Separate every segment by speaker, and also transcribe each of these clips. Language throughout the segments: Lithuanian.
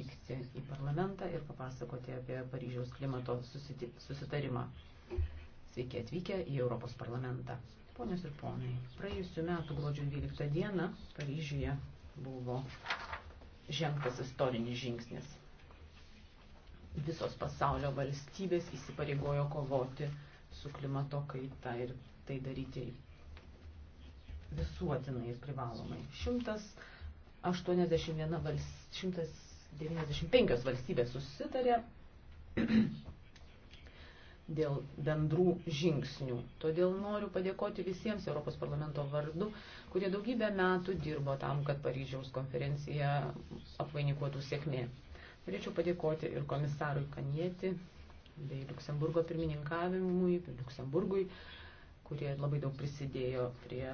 Speaker 1: atvykti į parlamentą ir papasakoti apie Paryžiaus klimato susitarimą. Sveiki atvykę į Europos parlamentą. Ponios ir ponai, praėjusiu metu gruodžio 12 dieną Paryžiuje buvo žengtas istorinis žingsnis. Visos pasaulio valstybės įsipareigojo kovoti su klimato kaita ir tai daryti visuotinai ir privalomai. 181 valstybė, 95 valstybės susitarė dėl bendrų žingsnių. Todėl noriu padėkoti visiems Europos parlamento vardu, kurie daugybę metų dirbo tam, kad Paryžiaus konferencija apvainikuotų sėkmė. Norėčiau padėkoti ir komisarui Kanieti, bei Luksemburgo pirmininkavimui, Luksemburgui, kurie labai daug prisidėjo prie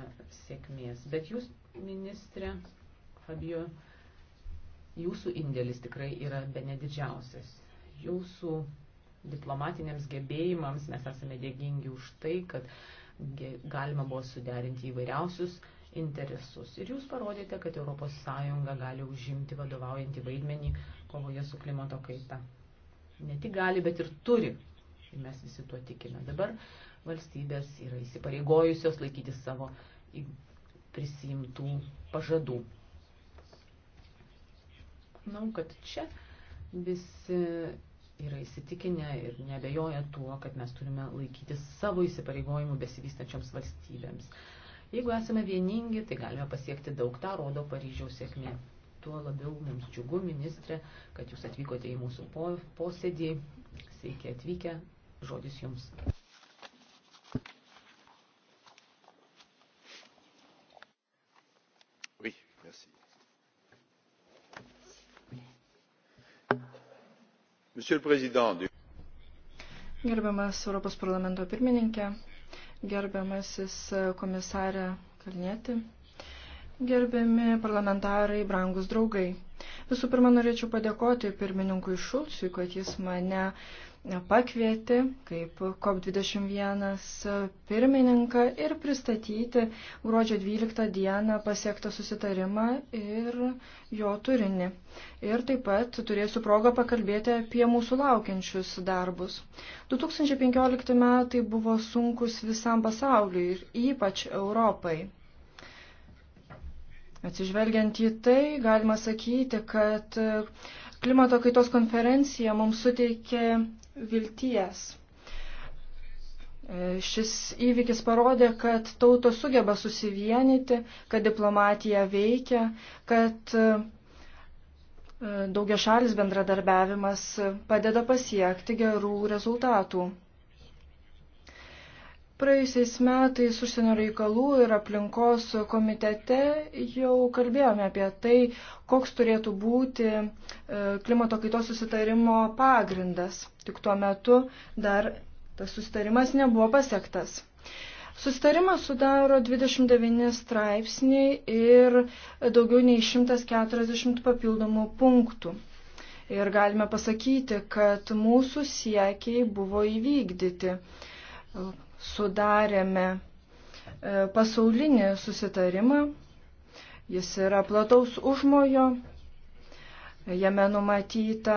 Speaker 1: sėkmės. Bet jūs, ministrė Fabio, Jūsų indėlis tikrai yra benedidžiausias. Jūsų diplomatiniams gebėjimams mes esame dėkingi už tai, kad galima buvo suderinti įvairiausius interesus. Ir jūs parodėte, kad ES gali užimti vadovaujantį vaidmenį kovoje su klimato kaita. Ne tik gali, bet ir turi. Ir mes visi tuo tikime. Dabar valstybės yra įsipareigojusios laikyti savo prisimtų pažadų. Manau, kad čia visi yra įsitikinę ir nebejoja tuo, kad mes turime laikytis savo įsipareigojimų besivystančioms valstybėms. Jeigu esame vieningi, tai galime pasiekti daug, tą rodo Paryžiaus sėkmė. Tuo labiau mums džiugu, ministrė, kad jūs atvykote į mūsų posėdį. Sveiki atvykę, žodis
Speaker 2: jums.
Speaker 3: Gerbiamas Europos parlamento pirmininkė, gerbiamasis komisarė Kalnėti, gerbiami parlamentarai, brangus draugai. Visų pirma, norėčiau padėkoti pirmininkui Šulciui, kad jis mane uh, pakvietė kaip COP21 pirmininką ir pristatyti gruodžio 12 dieną pasiektą susitarimą ir jo turinį. Ir taip pat turėsiu progą pakalbėti apie mūsų laukiančius darbus. 2015 metai buvo sunkus visam pasauliui ir ypač Europai. Atsižvelgiant į tai, galima sakyti, kad klimato kaitos konferencija mums suteikė vilties. E, šis įvykis parodė, kad tautos sugeba susivienyti, kad diplomatija veikia, kad e, daugia šalis bendradarbiavimas padeda pasiekti gerų rezultatų. Praėjusiais metais užsienio reikalų ir aplinkos komitete jau kalbėjome apie tai, koks turėtų būti e, klimato kaitos susitarimo pagrindas. Tik tuo metu dar tas susitarimas nebuvo pasiektas. Susitarimą sudaro 29 straipsniai ir daugiau nei 140 papildomų punktų. Ir galime pasakyti, kad mūsų siekiai buvo įvykdyti sudarėme e, pasaulinį susitarimą. Jis yra plataus užmojo. Jame numatyta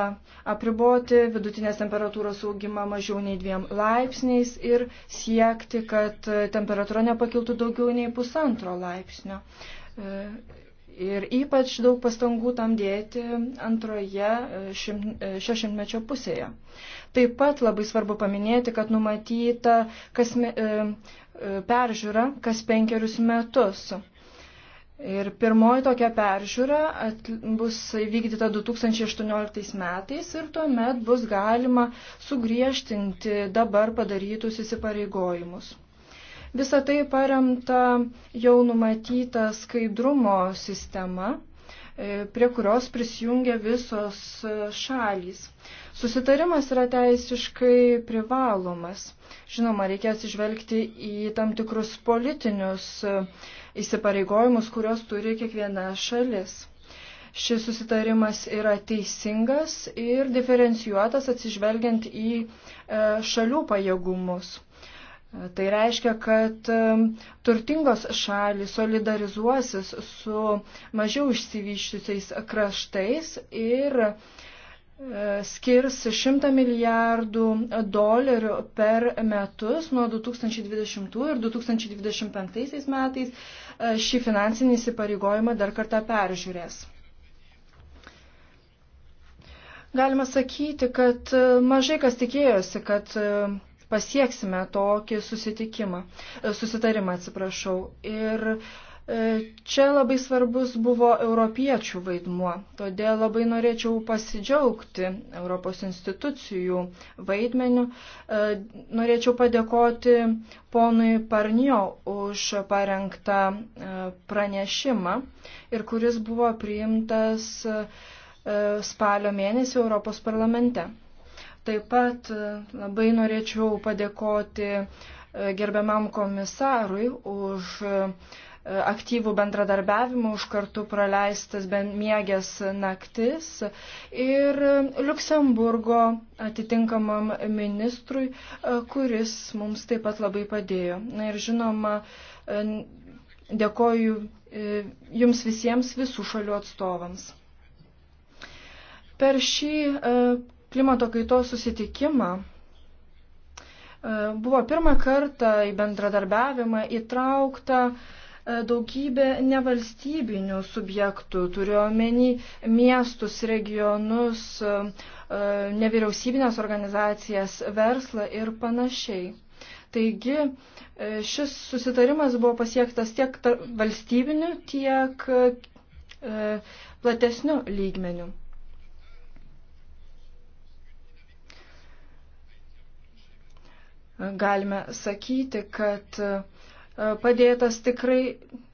Speaker 3: apriboti vidutinės temperatūros augimą mažiau nei dviem laipsniais ir siekti, kad temperatūra nepakiltų daugiau nei pusantro laipsnio. E, Ir ypač daug pastangų tam dėti antroje e, šešimtmečio pusėje. Taip pat labai svarbu paminėti, kad numatyta kasme, e, e, peržiūra kas penkerius metus. Ir pirmoji tokia peržiūra bus įvykdyta 2018 metais ir tuomet bus galima sugriežtinti dabar padarytus įsipareigojimus. Visą tai paremta jau numatyta skaidrumo sistema, e, prie kurios prisijungia visos e, šalys. Susitarimas yra teisiškai privalomas. Žinoma, reikia atsižvelgti į tam tikrus politinius e, įsipareigojimus, kurios turi kiekviena šalis šis susitarimas yra teisingas ir diferencijuotas atsižvelgiant į šalių pajėgumus. Tai reiškia, kad turtingos šalis solidarizuosis su mažiau išsivyščiusiais kraštais ir e, skirs 100 milijardų dolerių per metus nuo 2020 ir 2025 metais e, šį finansinį įsipareigojimą dar kartą peržiūrės. Galima sakyti, kad e, mažai kas tikėjosi, kad pasieksime tokį susitikimą, e, susitarimą, atsiprašau. Ir e, čia labai svarbus buvo europiečių vaidmuo, todėl labai norėčiau pasidžiaugti Europos institucijų vaidmeniu. E, norėčiau padėkoti ponui Parnio už parengtą pranešimą ir kuris buvo priimtas spalio mėnesį Europos parlamente. Taip pat e, labai norėčiau padėkoti e, gerbiamam komisarui už e, aktyvų bendradarbiavimą, už kartu praleistas bemiegės naktis ir Luksemburgo atitinkamam ministrui, kuris mums taip pat labai padėjo. Na ir žinoma, dėkoju jums visiems visų šalių atstovams. Per šį klimato kaitos susitikimą e, buvo pirmą kartą į bendradarbiavimą įtraukta e, daugybė nevalstybinių subjektų, turiuomenį miestus, regionus, e, nevyriausybinės organizacijas, verslą ir panašiai. Taigi šis susitarimas buvo pasiektas tiek valstybiniu, tiek platesniu lygmeniu. galime sakyti, kad e, padėtas tikrai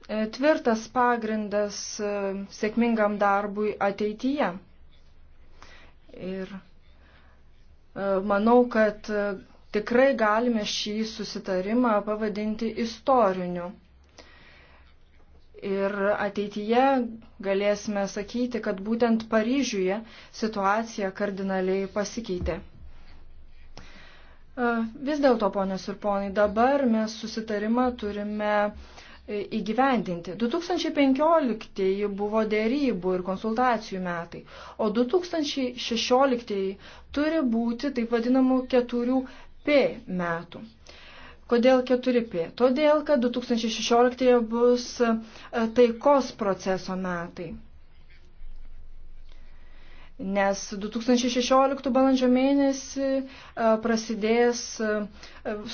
Speaker 3: e, tvirtas pagrindas e, sėkmingam darbui ateityje. Ir manau, kad tikrai galime šį susitarimą pavadinti istoriniu. Ir ateityje galėsime sakyti, kad būtent Paryžiuje situacija kardinaliai pasikeitė. E, vis dėlto, ponios ir ponai, dabar mes susitarimą turime įgyvendinti. 2015 buvo dėrybų ir konsultacijų metai, o 2016 turi būti taip vadinamų 4P metų. Kodėl 4P? Todėl, kad 2016 bus e, taikos proceso metai nes 2016 balandžio mėnesį e, prasidės e,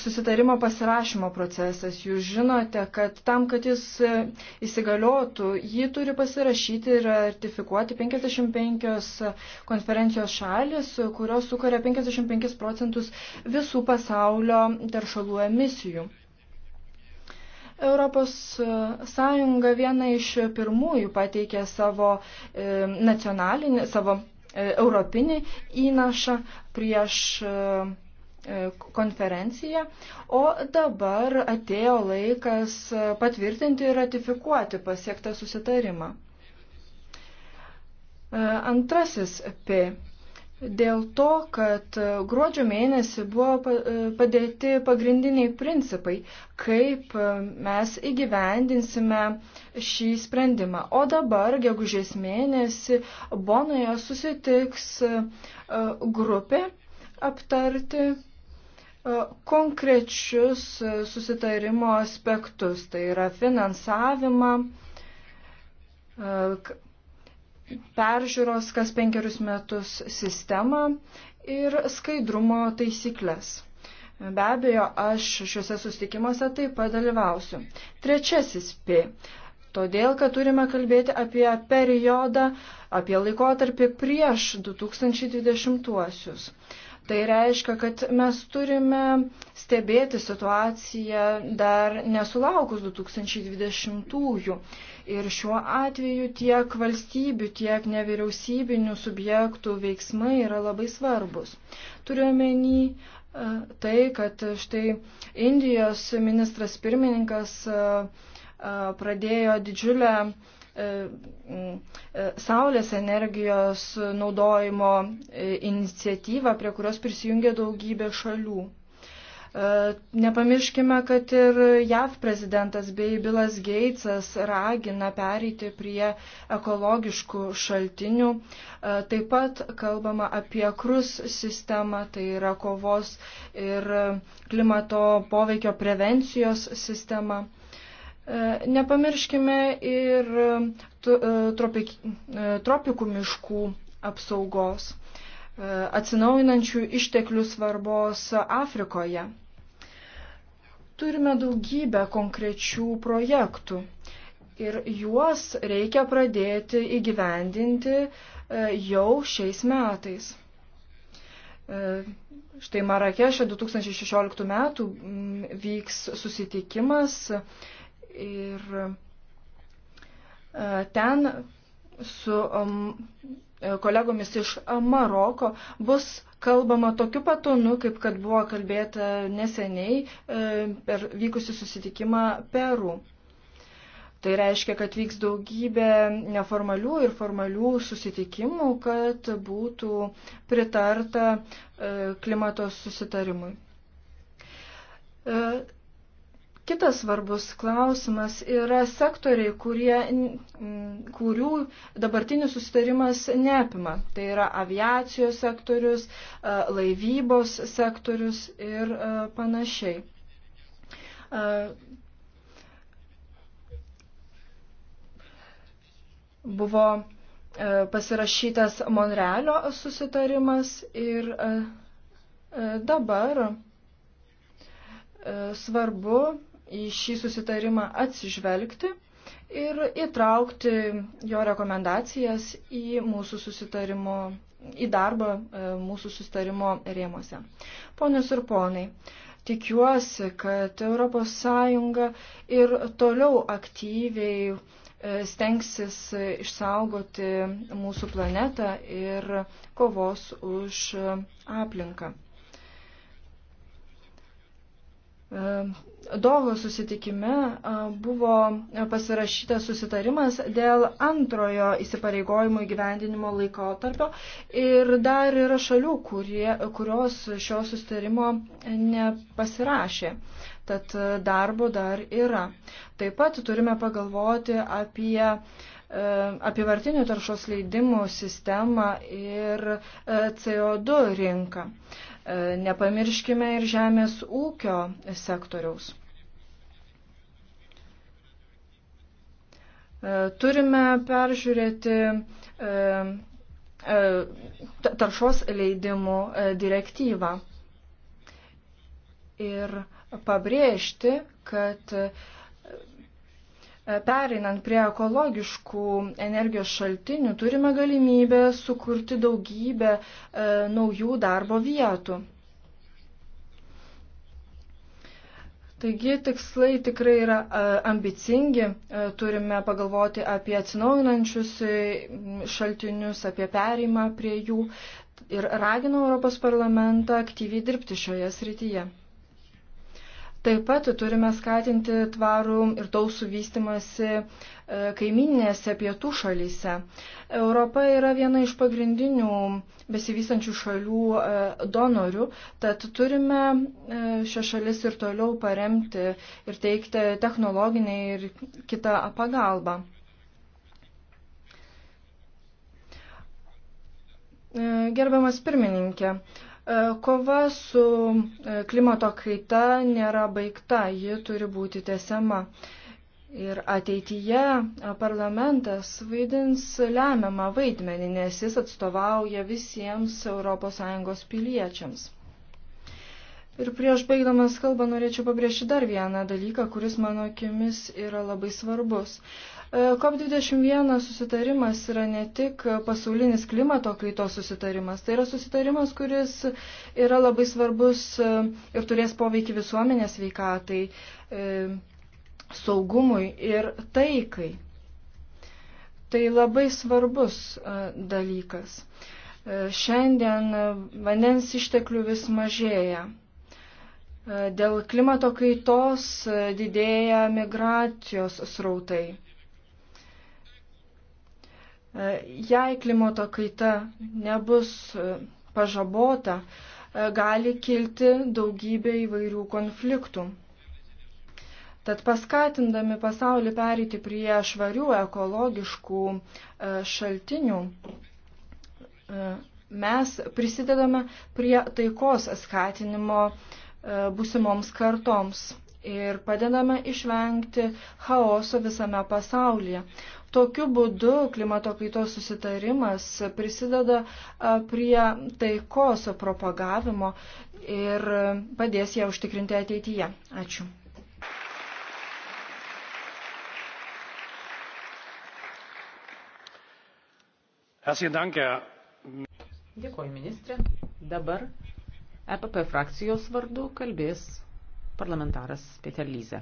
Speaker 3: susitarimo pasirašymo procesas. Jūs žinote, kad tam, kad jis e, įsigaliotų, jį turi pasirašyti ir ratifikuoti 55 konferencijos šalis, kurios sukuria 55 procentus visų pasaulio teršalų emisijų. Europos Sąjunga viena iš pirmųjų pateikė savo nacionalinį, savo E, europinį įnašą prieš e, e, konferenciją, o dabar atėjo laikas patvirtinti ir ratifikuoti pasiektą susitarimą. Antrasis P dėl to, kad e, gruodžio mėnesį buvo e, padėti pagrindiniai principai, kaip e, mes įgyvendinsime šį sprendimą. O dabar, gegužės mėnesį, Bonoje susitiks grupė aptarti konkrečius susitarimo aspektus, tai yra finansavimą, peržiūros kas penkerius metus sistemą ir skaidrumo taisyklės. Be abejo, aš šiuose susitikimuose taip pat dalyvausiu. Trečiasis P. Todėl, kad turime kalbėti apie periodą, apie laikotarpį prieš 2020-uosius. Tai reiškia, kad mes turime stebėti situaciją dar nesulaukus 2020-ųjų. Ir šiuo atveju tiek valstybių, tiek nevyriausybinių subjektų veiksmai yra labai svarbus. Turiuomenį e, tai, kad štai Indijos ministras pirmininkas e, e, pradėjo didžiulę E, e, saulės energijos naudojimo e, iniciatyvą, prie kurios prisijungė daugybė šalių. Nepamirškime, kad ir JAV prezidentas bei Bilas Geitsas ragina pereiti prie ekologiškų šaltinių. Taip pat kalbama apie krus sistemą, tai yra kovos ir klimato poveikio prevencijos sistemą. E, nepamirškime ir e, e, tropik, tropikų miškų apsaugos, atsinaujinančių išteklių svarbos Afrikoje. Turime daugybę konkrečių projektų ir juos reikia pradėti įgyvendinti jau šiais metais. Štai Marakešė 2016 metų vyks susitikimas Ir e, ten su e, kolegomis iš Maroko bus kalbama tokiu patonu, kaip kad buvo kalbėta neseniai e, per vykusi susitikimą Peru. Tai reiškia, kad vyks daugybė neformalių ir formalių susitikimų, kad būtų pritarta klimato susitarimui. Kitas svarbus klausimas yra sektoriai, kurie, kurių dabartinis susitarimas neapima. Tai yra aviacijos sektorius, laivybos sektorius ir panašiai. Buvo pasirašytas Monrealio susitarimas ir dabar svarbu į šį susitarimą atsižvelgti ir įtraukti jo rekomendacijas į mūsų susitarimo, į darbą e, mūsų susitarimo rėmose. Ponius ir ponai, tikiuosi, kad ES ir toliau aktyviai e, stengsis išsaugoti mūsų planetą ir kovos už aplinką e, Dovo susitikime buvo pasirašytas susitarimas dėl antrojo įsipareigojimo įgyvendinimo laikotarpio ir dar yra šalių, kurie, kurios šio susitarimo nepasirašė. Tad darbo dar yra. Taip pat turime pagalvoti apie e, apivartinių taršos leidimų sistemą ir e, CO2 rinką. E, nepamirškime ir žemės ūkio sektoriaus. E, turime peržiūrėti e, taršos leidimų direktyvą ir pabrėžti, kad E, pereinant prie ekologiškų energijos šaltinių, turime galimybę sukurti daugybę e, naujų darbo vietų. Taigi tikslai tikrai yra e, ambicingi, e, turime pagalvoti apie atsinaujinančius šaltinius, apie perimą prie jų ir raginu Europos parlamentą aktyviai dirbti šioje srityje. Taip pat turime skatinti tvarų ir tausų vystimasi e, kaiminėse pietų šalyse. Europa yra viena iš pagrindinių besivystančių šalių e, donorių, tad turime e, šią šalis ir toliau paremti ir teikti technologinę ir kitą pagalbą. Gerbiamas pirmininkė, E, kova su e, klimato kaita nėra baigta, ji turi būti tesiama. Ir ateityje e, parlamentas vaidins lemiamą vaidmenį, nes jis atstovauja visiems ES piliečiams. Ir prieš baigdamas kalbą norėčiau pabrėžti dar vieną dalyką, kuris mano akimis yra labai svarbus. E, COP21 susitarimas yra ne tik pasaulinis klimato kaitos susitarimas, tai yra susitarimas, kuris yra labai svarbus e, ir turės poveikį visuomenės veikatai, e, saugumui ir taikai. Tai labai svarbus dalykas. Šiandien vandens išteklių vis mažėja. Dėl klimato kaitos didėja migracijos srautai. Jei klimato kaita nebus pažabota, gali kilti daugybė įvairių konfliktų. Tad paskatindami pasaulį pereiti prie švarių ekologiškų e, šaltinių, e, mes prisidedame prie taikos skatinimo E, busimoms kartoms ir padedame išvengti chaoso visame pasaulyje. Tokiu būdu klimato kaitos susitarimas prisideda e, prie taikos propagavimo ir padės ją užtikrinti ateityje. Ačiū.
Speaker 1: Dėkuoju, ministrė. Dabar EPP frakcijos vardu kalbės parlamentaras Peter Lyze.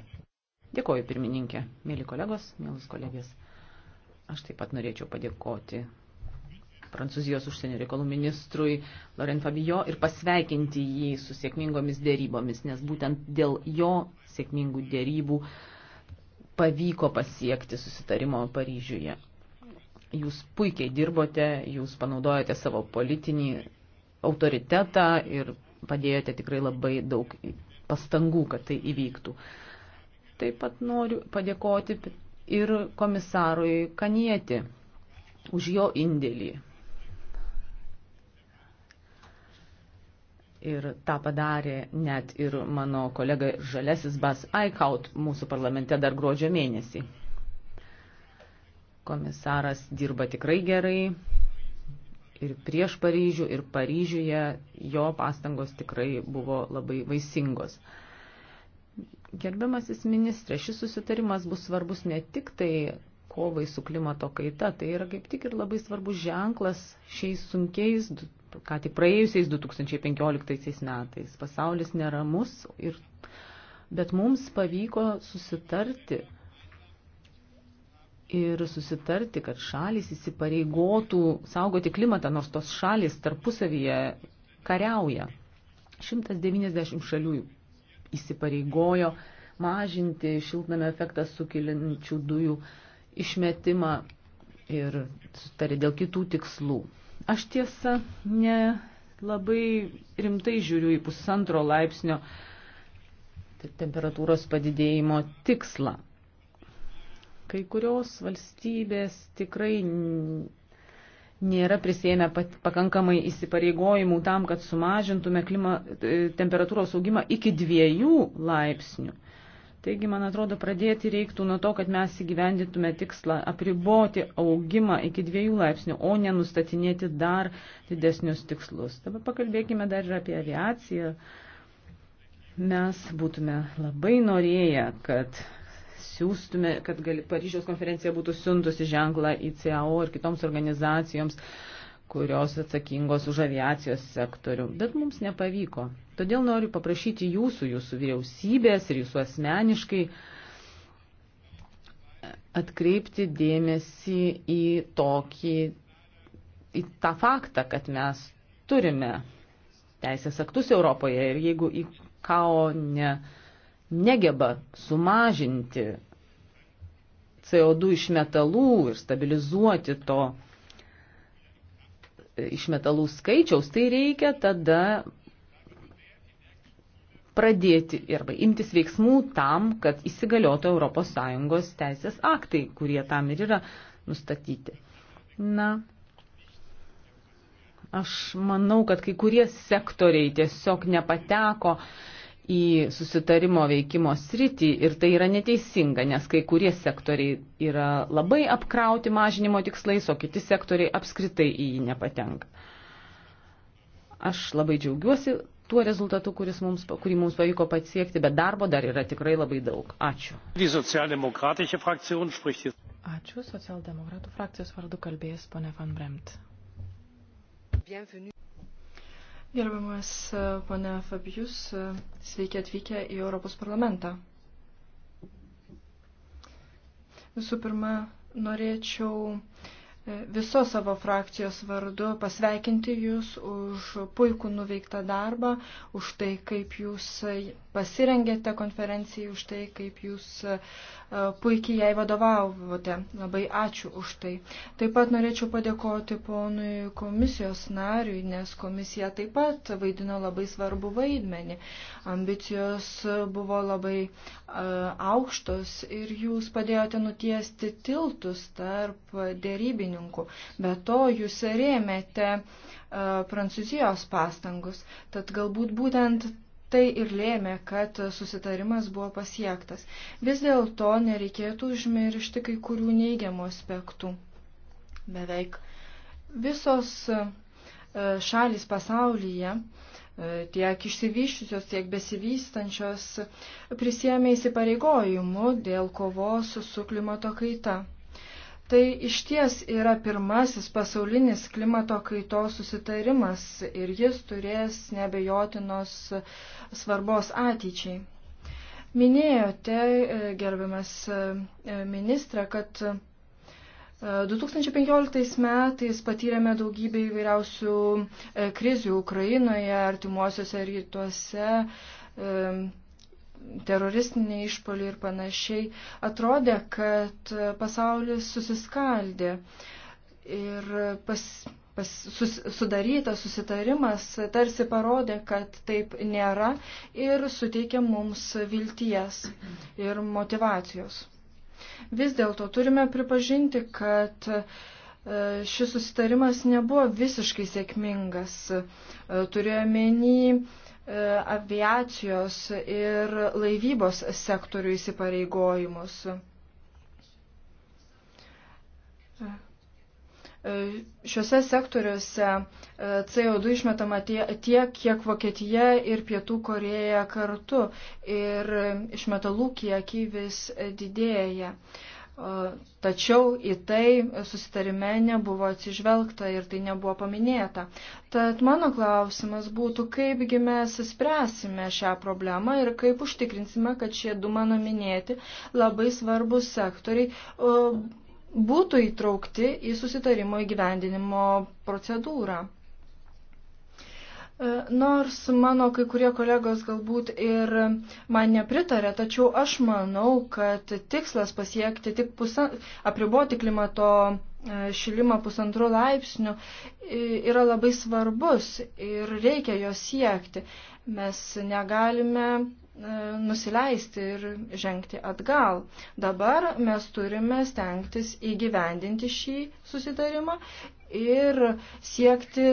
Speaker 1: Dėkoju pirmininkė, mėly kolegos, mėlus kolegės. Aš taip pat norėčiau padėkoti Prancūzijos užsienio reikalų ministrui Laurent Fabijo ir pasveikinti jį su sėkmingomis dėrybomis, nes būtent dėl jo sėkmingų dėrybų pavyko pasiekti susitarimo Paryžiuje. Jūs puikiai dirbote, jūs panaudojate savo politinį autoritetą ir padėjote tikrai labai daug pastangų, kad tai įvyktų. Taip pat noriu padėkoti ir komisarui Kanieti už jo indėlį. Ir tą padarė net ir mano kolega Žalesis Bas Aikaut mūsų parlamente dar gruodžio mėnesį. Komisaras dirba tikrai gerai, ir prieš Paryžių, ir Paryžiuje jo pastangos tikrai buvo labai vaisingos. Gerbiamasis ministrė, šis susitarimas bus svarbus ne tik tai kovai su klimato kaita, tai yra kaip tik ir labai svarbus ženklas šiais sunkiais, ką tik praėjusiais 2015 metais. Pasaulis neramus, ir, bet mums pavyko susitarti ir susitarti, kad šalis įsipareigotų saugoti klimatą, nors tos šalis tarpusavyje kariauja. 190 šalių įsipareigojo mažinti šiltnamio efektą sukeliančių dujų išmetimą ir sutarė dėl kitų tikslų. Aš tiesa ne labai rimtai žiūriu į pusantro laipsnio temperatūros padidėjimo tikslą. Kai kurios valstybės tikrai nėra prisėmę pakankamai įsipareigojimų tam, kad sumažintume klima, e, temperatūros augimą iki dviejų laipsnių. Taigi, man atrodo, pradėti reiktų nuo to, kad mes įgyvendintume tikslą apriboti augimą iki dviejų laipsnių, o ne nustatinėti dar didesnius tikslus. Dabar pakalbėkime dar ir apie aviaciją. Mes būtume labai norėję, kad siūstume, kad gali, Paryžiaus konferencija būtų siuntusi ženklą ICAO ir kitoms organizacijoms, kurios atsakingos už aviacijos sektorių. Bet mums nepavyko. Todėl noriu paprašyti jūsų, jūsų vyriausybės ir jūsų asmeniškai atkreipti dėmesį į tokį, į tą faktą, kad mes turime teisės aktus Europoje ir jeigu į KAO ne, negeba sumažinti CO2 iš metalų ir stabilizuoti to e, iš metalų skaičiaus, tai reikia tada pradėti arba imtis veiksmų tam, kad įsigaliotų ES teisės aktai, kurie tam ir yra nustatyti. Na, aš manau, kad kai kurie sektoriai tiesiog nepateko uh, į susitarimo veikimo sritį ir tai yra neteisinga, nes kai kurie sektoriai yra labai apkrauti mažinimo tikslais, o kiti sektoriai apskritai į jį nepatenka. Aš labai džiaugiuosi tuo rezultatu, mums, kurį mums pavyko pasiekti, bet darbo dar yra tikrai labai daug.
Speaker 2: Ačiū.
Speaker 3: Ačiū, socialdemokratų frakcijos vardu kalbėjęs ponė Van Bremt. Bienvenue. Gerbiamas e, pone Fabijus, e, sveiki atvykę į Europos parlamentą. Visų pirma, norėčiau uh, visos savo frakcijos vardu pasveikinti Jūs už puikų nuveiktą darbą, už tai, kaip Jūs pasirengėte konferencijai, už tai, kaip Jūs e, puikiai jai vadovavote. Labai ačiū už tai. Taip pat norėčiau padėkoti ponui komisijos nariui, nes komisija taip pat vaidino labai svarbu vaidmenį. Ambicijos buvo labai e, aukštos ir Jūs padėjote nutiesti tiltus tarp dėrybinių sąjungų. Be to, jūs rėmėte e, Prancūzijos pastangus, tad galbūt būtent tai ir lėmė, kad susitarimas buvo pasiektas. Vis dėlto nereikėtų užmiršti kai kurių neigiamų aspektų. Beveik visos e, šalis pasaulyje e, tiek išsivyščiusios, tiek besivystančios prisėmė įsipareigojimų dėl kovos su klimato kaita. Tai iš ties yra pirmasis pasaulinis klimato kaitos susitarimas ir jis turės nebejotinos svarbos ateičiai. Minėjote, e, gerbiamas e, ministra, kad 2015 e, metais patyrėme daugybę įvairiausių krizių Ukrainoje, artimuosiuose rytuose teroristiniai išpoliai ir panašiai, atrodė, kad pasaulis susiskaldė ir pas, pas, sus, sudarytas susitarimas tarsi parodė, kad taip nėra ir suteikė mums vilties ir motivacijos. Vis dėlto turime pripažinti, kad e, šis susitarimas nebuvo visiškai sėkmingas. E, turėjome menį E, aviacijos ir laivybos sektorių įsipareigojimus. E, šiuose sektoriuose e, CO2 išmetama tiek, kiek Vokietija ir Pietų Koreja kartu ir išmetalų kiekį vis didėja. Tačiau į tai susitarime nebuvo atsižvelgta ir tai nebuvo paminėta. Tad mano klausimas būtų, kaipgi mes spręsime šią problemą ir kaip užtikrinsime, kad šie du mano minėti labai svarbus sektoriai būtų įtraukti į susitarimo įgyvendinimo procedūrą. E, nors mano kai kurie kolegos galbūt ir man nepritarė, tačiau aš manau, kad tikslas pasiekti tik pusa, apriboti klimato e, šilimą pusantrų laipsnių yra labai svarbus ir reikia jo siekti. Mes negalime e, nusileisti ir žengti atgal. Dabar mes turime stengtis įgyvendinti šį susitarimą ir siekti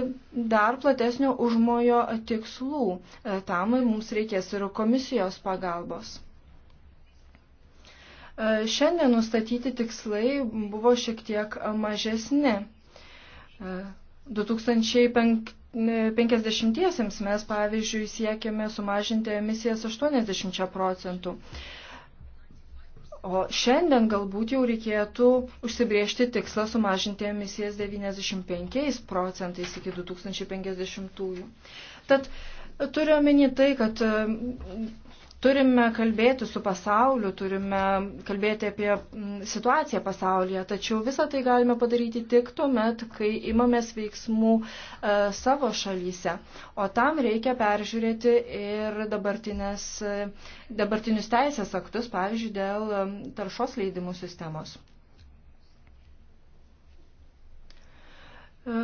Speaker 3: dar platesnio užmojo tikslų. E, Tam mums reikės ir komisijos pagalbos. E, šiandien nustatyti tikslai buvo šiek tiek mažesni. 2005 e, 50-iesiems mes, pavyzdžiui, siekiame sumažinti emisijas 80 procentų. O šiandien galbūt jau reikėtų užsibriežti tikslą sumažinti emisijas 95 procentais iki 2050. -ųjų. Tad turiu omeny tai, kad Turime kalbėti su pasauliu, turime kalbėti apie mm, situaciją pasaulyje, tačiau visą tai galime padaryti tik tuo met, kai imamės veiksmų e, savo šalyse. O tam reikia peržiūrėti ir e, dabartinius teisės aktus, pavyzdžiui, dėl e, taršos leidimų sistemos. E,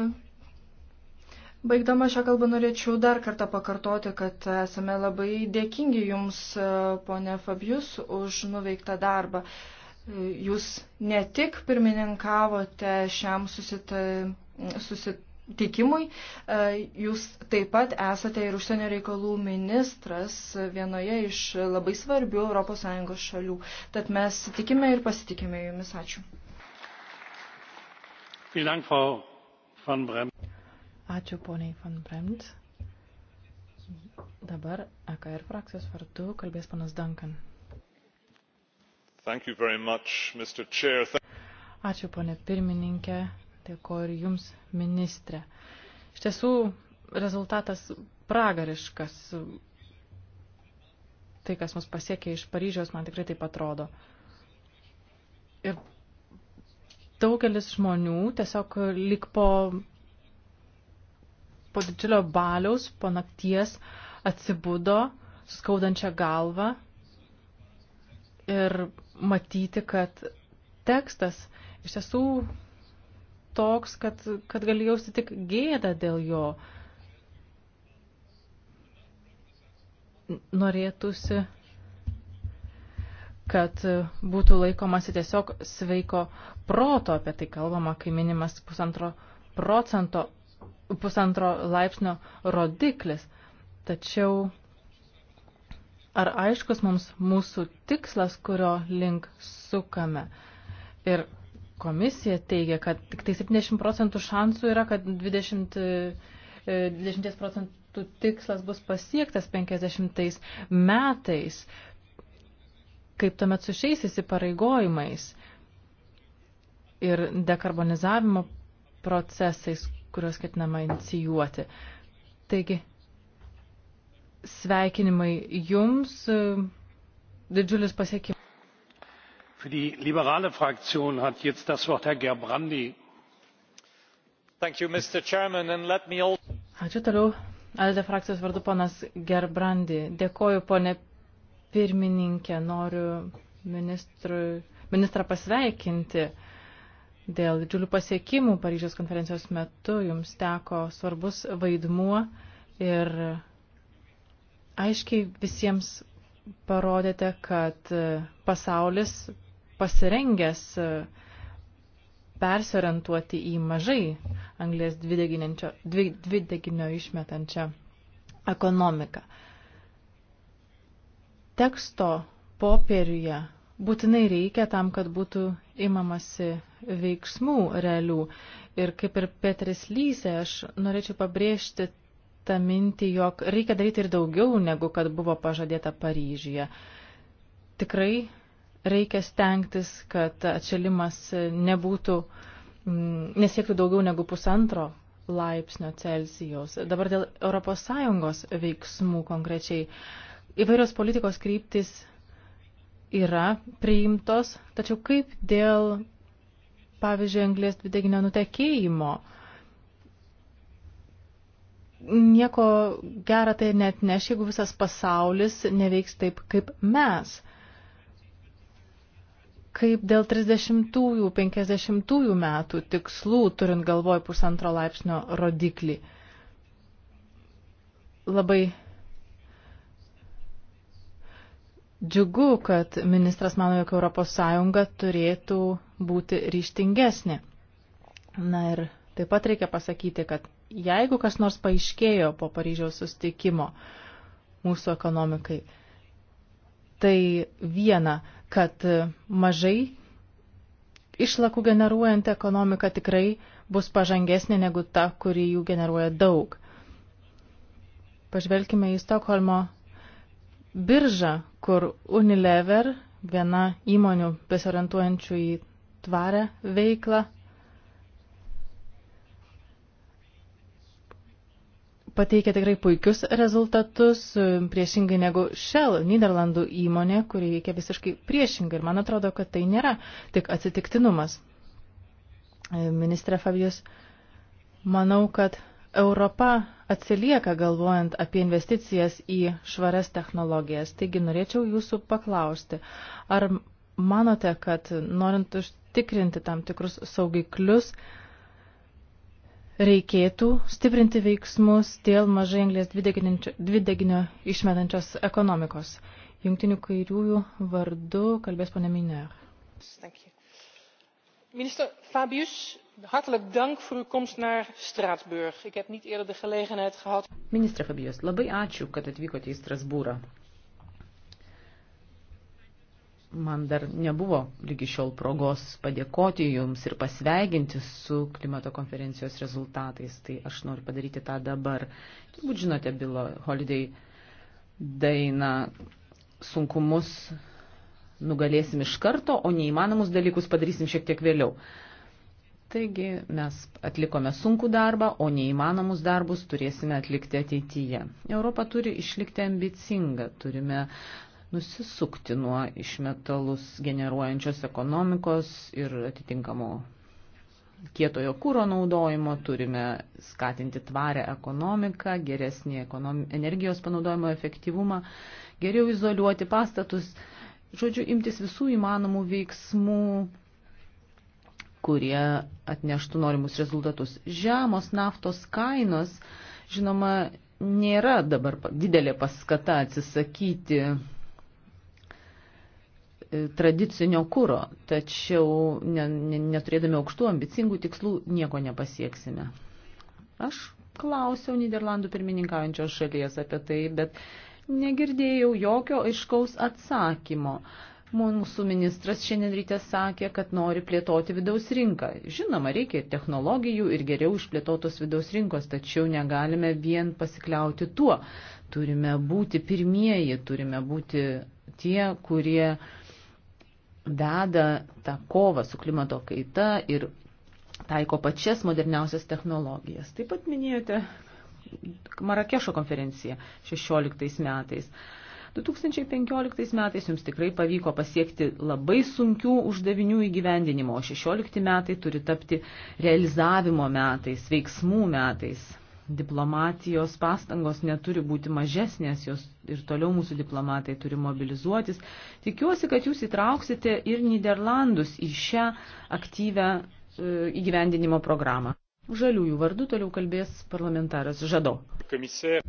Speaker 3: Baigdama šią kalbą norėčiau dar kartą pakartoti, kad esame labai dėkingi Jums, ponė Fabius, už nuveiktą darbą. Jūs ne tik pirmininkavote šiam susita... susitikimui, Jūs taip pat esate ir užsienio reikalų ministras vienoje iš labai svarbių ES šalių. Tad mes tikime ir pasitikime Jumis. Ačiū. Vielen Dank, Frau van Bremt.
Speaker 2: Ačiū poniai Van Bremt. Dabar EKR frakcijos vardu kalbės panas Duncan. Thank you very much, Mr. Chair. Thank Ačiū ponė pirmininkė, dėkoju ir jums ministrė. Iš tiesų rezultatas pragariškas. Tai, kas mus pasiekė iš Paryžiaus, man tikrai taip atrodo. Ir daugelis žmonių tiesiog lik po po didžiulio baliaus, po nakties atsibudo skaudančią galvą ir matyti, kad tekstas iš tiesų toks, kad, kad gali jausti tik gėdą dėl jo. Norėtųsi, kad būtų laikomasi tiesiog sveiko proto, apie tai kalbama, kai minimas pusantro procento pusantro laipsnio rodiklis. Tačiau ar aiškus mums mūsų tikslas, kurio link sukame? Ir komisija teigia, kad tik tai 70 procentų šansų yra, kad 20, 20 e, procentų tikslas bus pasiektas 50 metais. Kaip tuomet su šiais įsipareigojimais ir dekarbonizavimo procesais, kuriuos ketinama inicijuoti. Taigi, sveikinimai jums, didžiulis pasiekimas.
Speaker 3: Für die liberale Fraktion hat jetzt das Wort Herr Gerbrandi. Thank you, Mr. Chairman, and let me also...
Speaker 2: Ačiū toliau. Alde frakcijos vardu ponas Gerbrandi. Dėkoju, ponė pirmininkė, noriu ministrą pasveikinti. Uh, Dėl didžiulių pasiekimų Paryžiaus konferencijos metu jums teko svarbus vaidmuo ir aiškiai visiems parodėte, kad pasaulis pasirengęs persiorientuoti į mažai anglės dvideginio išmetančią ekonomiką. Teksto popieriuje būtinai reikia tam, kad būtų imamasi veiksmų realių. Ir kaip ir Petris Lysė, aš norėčiau pabrėžti tą mintį, jog reikia daryti ir daugiau, negu kad buvo pažadėta Paryžyje. Tikrai reikia stengtis, kad atšilimas nebūtų, mm, nesiektų daugiau negu pusantro laipsnio Celsijaus. Dabar dėl ES veiksmų konkrečiai. Įvairios politikos kryptis yra priimtos, tačiau kaip dėl, pavyzdžiui, anglės dvideginio nutekėjimo? Nieko gerą tai net neš, jeigu visas pasaulis neveiks taip, kaip mes. Kaip dėl 30-ųjų, 50-ųjų metų tikslų, turint galvoj pusantro laipsnio rodiklį. Labai Džiugu, kad ministras mano, jog ES turėtų būti ryštingesnė. Na ir taip pat reikia pasakyti, kad jeigu kas nors paaiškėjo po Paryžiaus sustikimo mūsų ekonomikai, tai viena, kad mažai išlakų generuojanti ekonomika tikrai bus pažangesnė negu ta, kuri jų generuoja daug. Pažvelkime į Stokholmo birža, kur Unilever, viena įmonių besiorientuojančių į tvarę veiklą, pateikia tikrai puikius rezultatus, priešingai negu Shell, Niderlandų įmonė, kuri veikia visiškai priešingai. Ir man atrodo, kad tai nėra tik atsitiktinumas. Ministrė Fabijos, manau, kad Europa atsilieka galvojant apie investicijas į švarias technologijas. Taigi norėčiau jūsų paklausti, ar manote, kad norint užtikrinti tam tikrus saugiklius, reikėtų stiprinti veiksmus dėl mažai anglės dvideginio išmetančios ekonomikos. Jungtinių kairiųjų vardu kalbės ponė Miner. Minister Fabius Hartelijk dank voor uw komst naar Straatsburg. Ik heb niet eerder de gelegenheid gehad.
Speaker 1: Ministre Fabijos, labai ačiū, kad atvykote į Strasbūrą. Man dar nebuvo lygi šiol progos padėkoti Jums ir pasveikinti su klimato konferencijos rezultatais, tai aš noriu padaryti tą dabar. Turbūt žinote, Bilo Holiday daina sunkumus nugalėsim iš karto, o neįmanomus dalykus padarysim šiek tiek vėliau. Taigi mes atlikome sunkų darbą, o neįmanomus darbus turėsime atlikti ateityje. Europa turi išlikti ambicinga, turime nusisukti nuo išmetalus generuojančios ekonomikos ir atitinkamo kietojo kūro naudojimo, turime skatinti tvarę ekonomiką, geresnį ekonom... energijos panaudojimo efektyvumą, geriau izoliuoti pastatus, žodžiu, imtis visų įmanomų veiksmų kurie atneštų norimus rezultatus. Žemos naftos kainos, žinoma, nėra dabar didelė paskata atsisakyti e, tradicinio kūro, tačiau ne, ne, neturėdami aukštų ambicingų tikslų nieko nepasieksime. Aš klausiau Niderlandų pirmininkaujančios šalies apie tai, bet negirdėjau jokio aiškaus atsakymo. Uh, Mūsų ministras šiandien ryte sakė, kad nori plėtoti vidaus rinką. Žinoma, reikia ir technologijų, ir geriau išplėtotos vidaus rinkos, tačiau negalime vien pasikliauti tuo. Turime būti pirmieji, turime būti tie, kurie veda tą kovą su klimato kaita ir taiko pačias moderniausias technologijas. Taip pat minėjote Marakešo konferenciją 16 metais. 2015 metais jums tikrai pavyko pasiekti labai sunkių uždavinių įgyvendinimo, o 16 metai turi tapti realizavimo metais, veiksmų metais. Diplomatijos pastangos neturi būti mažesnės, jos ir toliau mūsų diplomatai turi mobilizuotis. Tikiuosi, kad jūs įtrauksite ir Niderlandus į šią aktyvę e, įgyvendinimo programą. Žaliųjų vardu toliau kalbės parlamentaras Žado.
Speaker 2: Komisija.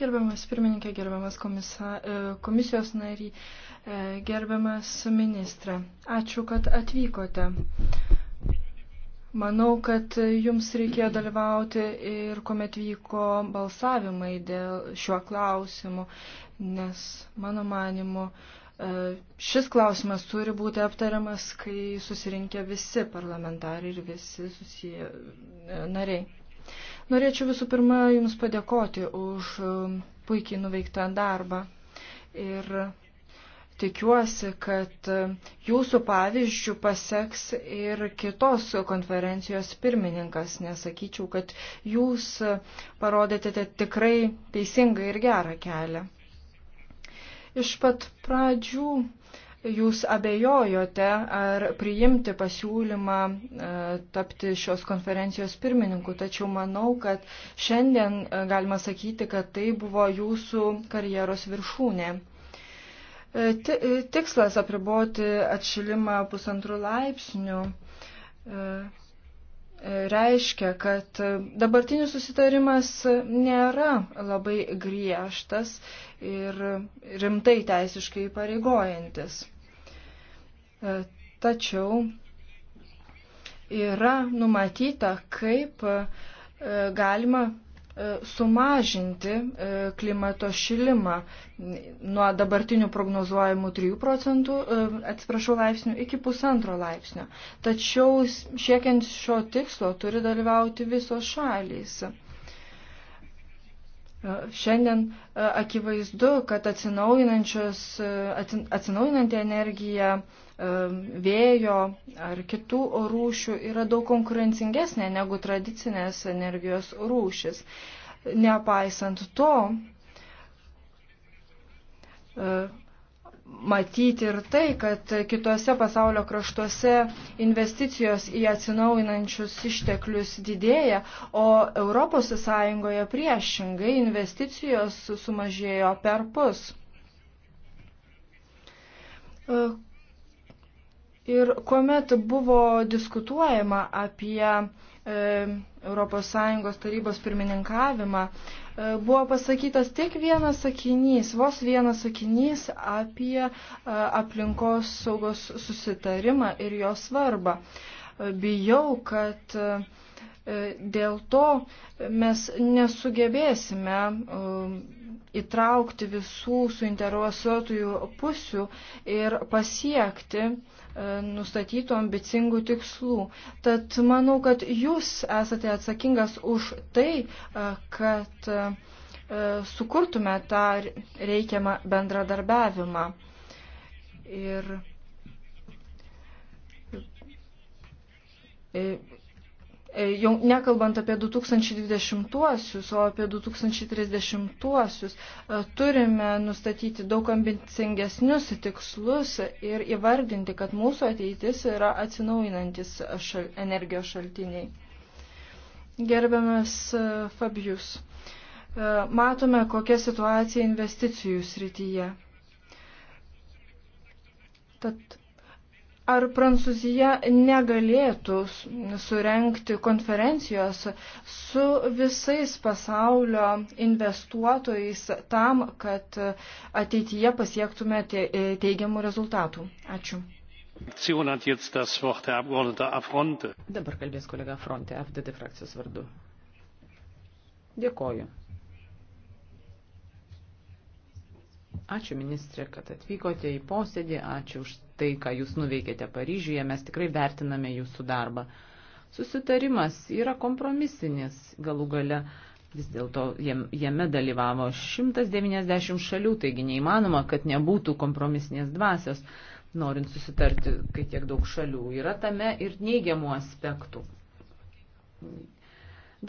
Speaker 3: Gerbiamas pirmininkė, gerbiamas komisa, e, komisijos nariai, e, gerbiamas ministrė. Ačiū, kad atvykote. Manau, kad jums reikėjo dalyvauti ir kuomet vyko balsavimai dėl šiuo klausimu, nes mano manimu e, šis klausimas turi būti aptariamas, kai susirinkia visi parlamentarai ir visi susiję nariai. Norėčiau visų pirma Jums padėkoti už um, puikiai nuveiktą darbą. Ir tikiuosi, kad um, jūsų pavyzdžių paseks ir kitos konferencijos pirmininkas, nesakyčiau, kad jūs parodėte tikrai teisingą ir gerą kelią. Iš pat pradžių jūs abejojote, ar priimti pasiūlymą e, tapti šios konferencijos pirmininku, tačiau manau, kad šiandien e, galima sakyti, kad tai buvo jūsų karjeros viršūnė. E, tikslas apriboti atšilimą pusantrų laipsnių reiškia, kad dabartinis susitarimas nėra labai griežtas ir rimtai teisiškai pareigojantis. E, tačiau yra numatyta, kaip e, galima E, sumažinti e, klimato šilimą nuo dabartinių prognozuojamų 3 procentų, e, atsiprašau, laipsnių iki pusantro laipsnio. Tačiau siekiant šio tikslo turi dalyvauti visos šalys. Šiandien e, akivaizdu, kad e, atsinaujinanti energija e, vėjo ar kitų rūšių yra daug konkurencingesnė negu tradicinės energijos rūšis. Nepaisant to, matyti ir tai, kad kitose pasaulio kraštuose investicijos į atsinaujinančius išteklius didėja, o ES priešingai investicijos sumažėjo per pus. E, ir kuomet buvo diskutuojama apie ES tarybos pirmininkavimą, e, buvo pasakytas tik vienas sakinys, vos vienas sakinys apie e, aplinkos saugos susitarimą ir jo svarbą. E, bijau, kad dėl to mes nesugebėsime įtraukti visų suinteresuotųjų pusių ir pasiekti uh, E, nustatytų ambicingų tikslų. Tad manau, kad jūs esate atsakingas už tai, e, kad e, sukurtume tą reikiamą bendradarbiavimą. Ir E, jau nekalbant apie 2020-uosius, o apie 2030-uosius, e, turime nustatyti daug ambicingesnius tikslus ir įvardinti, kad mūsų ateitis yra atsinaujinantis šal, energijos šaltiniai. Gerbiamas e, Fabius, matome, kokia situacija investicijų srityje. Tad Ar Prancūzija negalėtų surenkti konferencijos su visais pasaulio investuotojais tam, kad ateityje pasiektume e, teigiamų rezultatų? Ačiū.
Speaker 1: Dabar kalbės kolega Fronte, FDD frakcijos vardu. Dėkoju. Ačiū, ministrė, kad atvykote į posėdį, ačiū už tai, ką jūs nuveikėte Paryžiuje, mes tikrai vertiname jūsų darbą. Susitarimas yra kompromisinis galų gale. Vis dėlto jame dalyvavo 190 šalių, taigi neįmanoma, kad nebūtų kompromisinės dvasios, norint susitarti, kai tiek daug šalių yra tame ir neigiamų aspektų.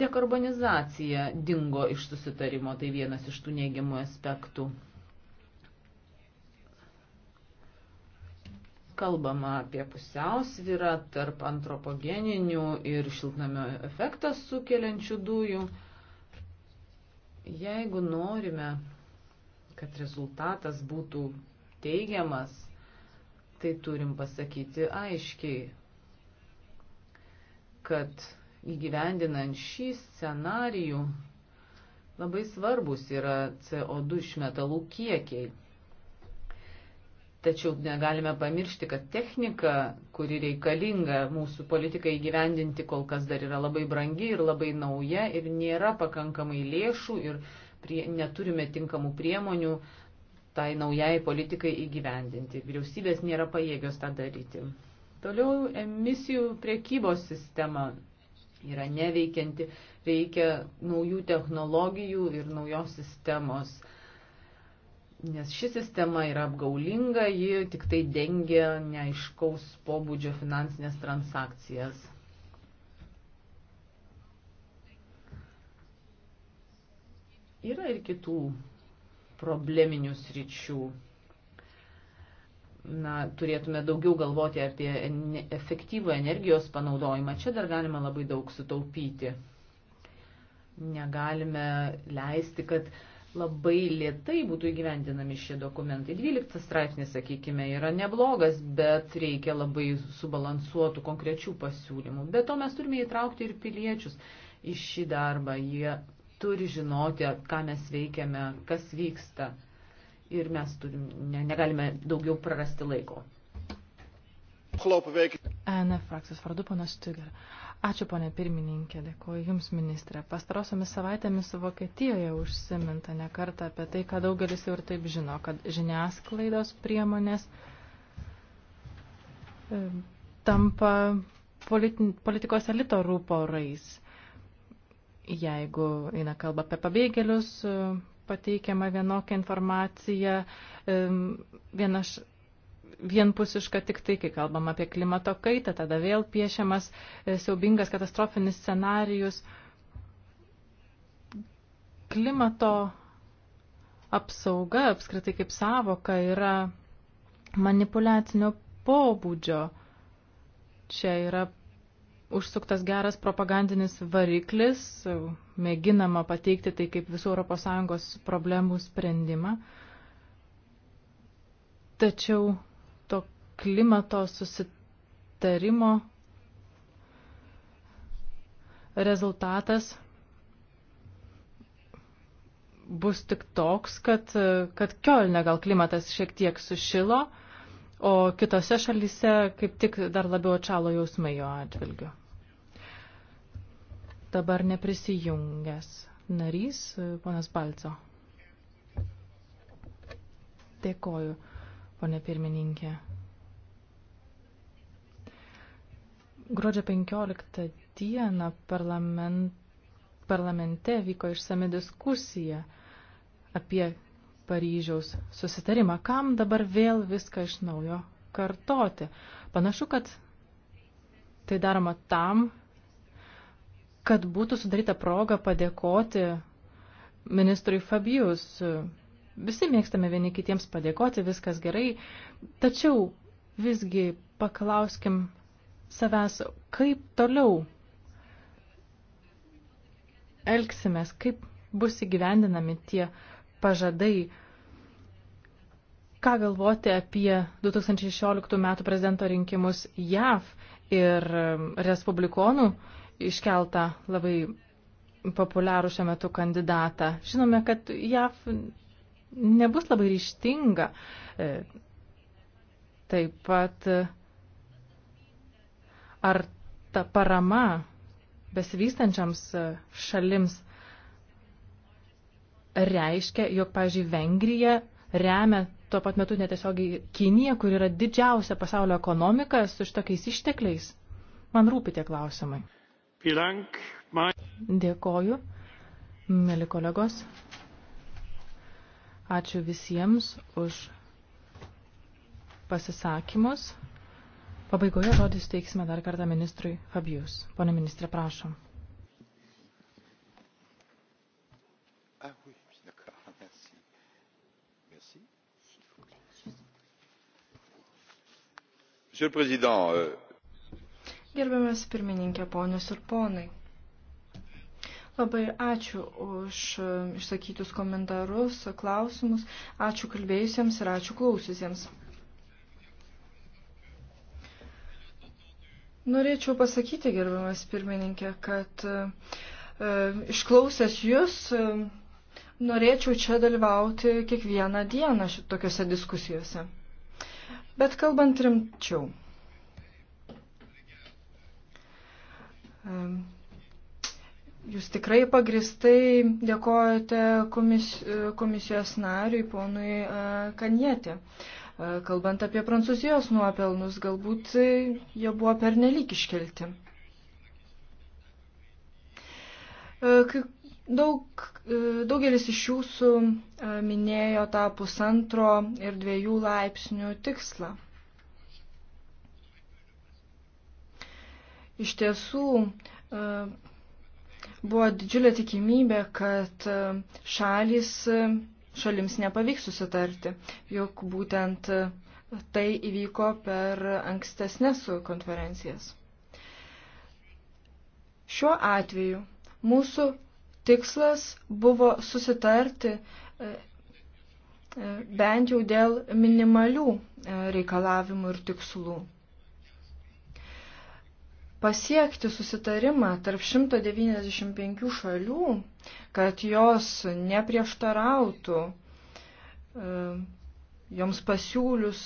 Speaker 1: Dekarbonizacija dingo iš susitarimo, tai vienas iš tų neigiamų aspektų. kalbama apie pusiausvyrą tarp antropogeninių ir šiltnamio efektą sukeliančių dujų. Jeigu norime, kad rezultatas būtų teigiamas, tai turim pasakyti aiškiai, kad įgyvendinant šį scenarijų labai svarbus yra CO2 išmetalų kiekiai Tačiau negalime pamiršti, kad technika, kuri reikalinga mūsų politikai įgyvendinti, kol kas dar yra labai brangi ir labai nauja ir nėra pakankamai lėšų ir prie, neturime tinkamų priemonių tai naujai politikai įgyvendinti. Vyriausybės nėra pajėgios tą daryti. Toliau emisijų priekybos sistema yra neveikianti, reikia naujų technologijų ir naujos sistemos. Uh, nes ši sistema yra apgaulinga, ji tik tai dengia neaiškaus pobūdžio finansinės transakcijas. Yra ir kitų probleminių sričių. Na, turėtume daugiau galvoti apie efektyvų energijos panaudojimą. Čia dar galima labai daug sutaupyti. Negalime leisti, kad uh, labai lietai būtų įgyvendinami šie dokumentai. 12 straipsnis, sakykime, yra neblogas, bet reikia labai subalansuotų konkrečių pasiūlymų. Be to mes turime įtraukti ir piliečius į šį darbą. Jie turi žinoti, ką mes veikiame, kas vyksta. Ir mes turim, ne, negalime daugiau prarasti laiko.
Speaker 2: Ana frakcijos vardu, panas Tiger. Ačiū, ponė pirmininkė, dėkuoju Jums, ministrė. Pastarosiomis savaitėmis Vokietijoje užsiminta ne kartą apie tai, ką daugelis jau ir taip žino, kad žiniasklaidos priemonės e, tampa politi politikos elito rūporais. Jeigu eina kalba apie pabėgėlius, e, pateikiama vienokia informacija, e, vienaš vienpusiška tik tai, kai kalbam apie klimato kaitą, tada vėl piešiamas e, siaubingas katastrofinis scenarius. Klimato apsauga apskritai kaip savoka yra manipulacinio pobūdžio. Čia yra užsuktas geras propagandinis variklis, mėginama pateikti tai kaip visų ES problemų sprendimą. Tačiau klimato susitarimo rezultatas bus tik toks, kad, kad Kielne gal klimatas šiek tiek sušilo, o kitose šalyse kaip tik dar labiau atšalo jausmai jo atvilgiu. Dabar neprisijungęs narys, ponas Balco. Dėkoju, ponė pirmininkė. Gruodžio 15 dieną parlament, parlamente vyko išsami diskusija apie Paryžiaus susitarimą. Kam dabar vėl viską iš naujo kartoti? Panašu, kad tai daroma tam, kad būtų sudaryta proga padėkoti ministrui Fabius. Visi mėgstame vieni kitiems padėkoti, viskas gerai, tačiau visgi paklauskim savęs, kaip toliau elgsimės, kaip bus įgyvendinami tie pažadai, ką galvoti apie 2016 metų prezidento rinkimus JAV ir respublikonų iškeltą labai populiarų šiuo metu kandidatą. Žinome, kad JAV nebus labai ryštinga. Taip pat Ar ta parama besivystančiams e, šalims reiškia, jog, pavyzdžiui, Vengrija remia tuo pat metu netiesiogiai Kinija, kur yra didžiausia pasaulio ekonomika su šitokiais ištekliais? Man rūpi tie klausimai. Dėkoju, mėly kolegos. Ačiū visiems už pasisakymus. Pabaigoje žodį suteiksime dar kartą ministrui Fabijus. Pone ministrė, prašom.
Speaker 3: Euh, Gerbiamas pirmininkė, ponios ir ponai. Labai ačiū už uh, išsakytus komentarus, klausimus. Ačiū kalbėjusiems ir ačiū klausiusiems. Norėčiau pasakyti, gerbiamas pirmininkė, kad e, išklausęs jūs, e, norėčiau čia dalyvauti kiekvieną dieną šitokiose diskusijose. Bet kalbant rimčiau. E, jūs tikrai pagristai dėkojate komis, e, komisijos nariui, ponui e, Kanietė. E, E, kalbant apie Prancūzijos nuopelnus, galbūt e, jie buvo pernelyg iškelti. E, daug, daugelis iš jūsų minėjo tą pusantro ir dviejų laipsnių tikslą. Iš tiesų, buvo didžiulė tikimybė, kad šalis šalims nepavyks susitarti, juk būtent tai įvyko per ankstesnės konferencijas. Šiuo atveju mūsų tikslas buvo susitarti e, e, bent jau dėl minimalių e, reikalavimų ir tikslų pasiekti susitarimą tarp 195 šalių, kad jos neprieštarautų e, joms pasiūlius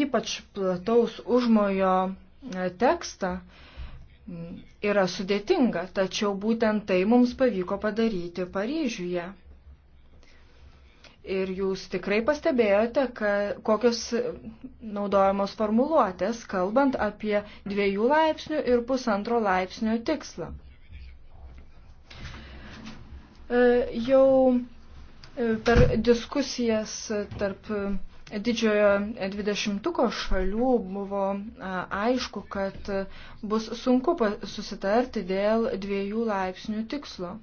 Speaker 3: ypač plataus užmojo e, tekstą, yra sudėtinga, tačiau būtent tai mums pavyko padaryti Paryžiuje. Ir jūs tikrai pastebėjote, ka, kokios naudojamos formuluotės, kalbant apie dviejų laipsnių ir pusantro laipsnio tikslą. E, jau e, per diskusijas tarp didžiojo dvidešimtuko šalių buvo e, aišku, kad bus sunku susitarti dėl dviejų laipsnių tikslo.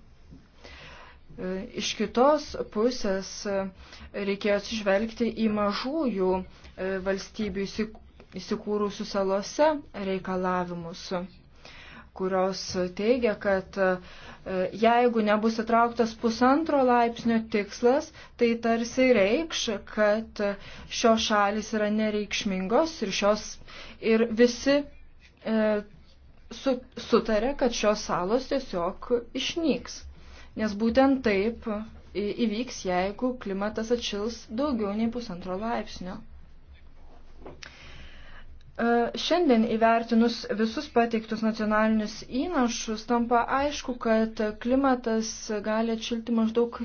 Speaker 3: Iš kitos pusės e, reikėjo atsižvelgti į mažųjų e, valstybių įsikūrusių salose reikalavimus, kurios teigia, kad e, jeigu nebus atrauktas pusantro laipsnio tikslas, tai tarsi reikš, kad šios šalis yra nereikšmingos ir, šios, ir visi e, su, sutarė, kad šios salos tiesiog išnyks nes būtent taip įvyks, jeigu klimatas atšils daugiau nei pusantro laipsnio. E, šiandien įvertinus visus pateiktus nacionalinius įnašus, tampa aišku, kad klimatas gali atšilti maždaug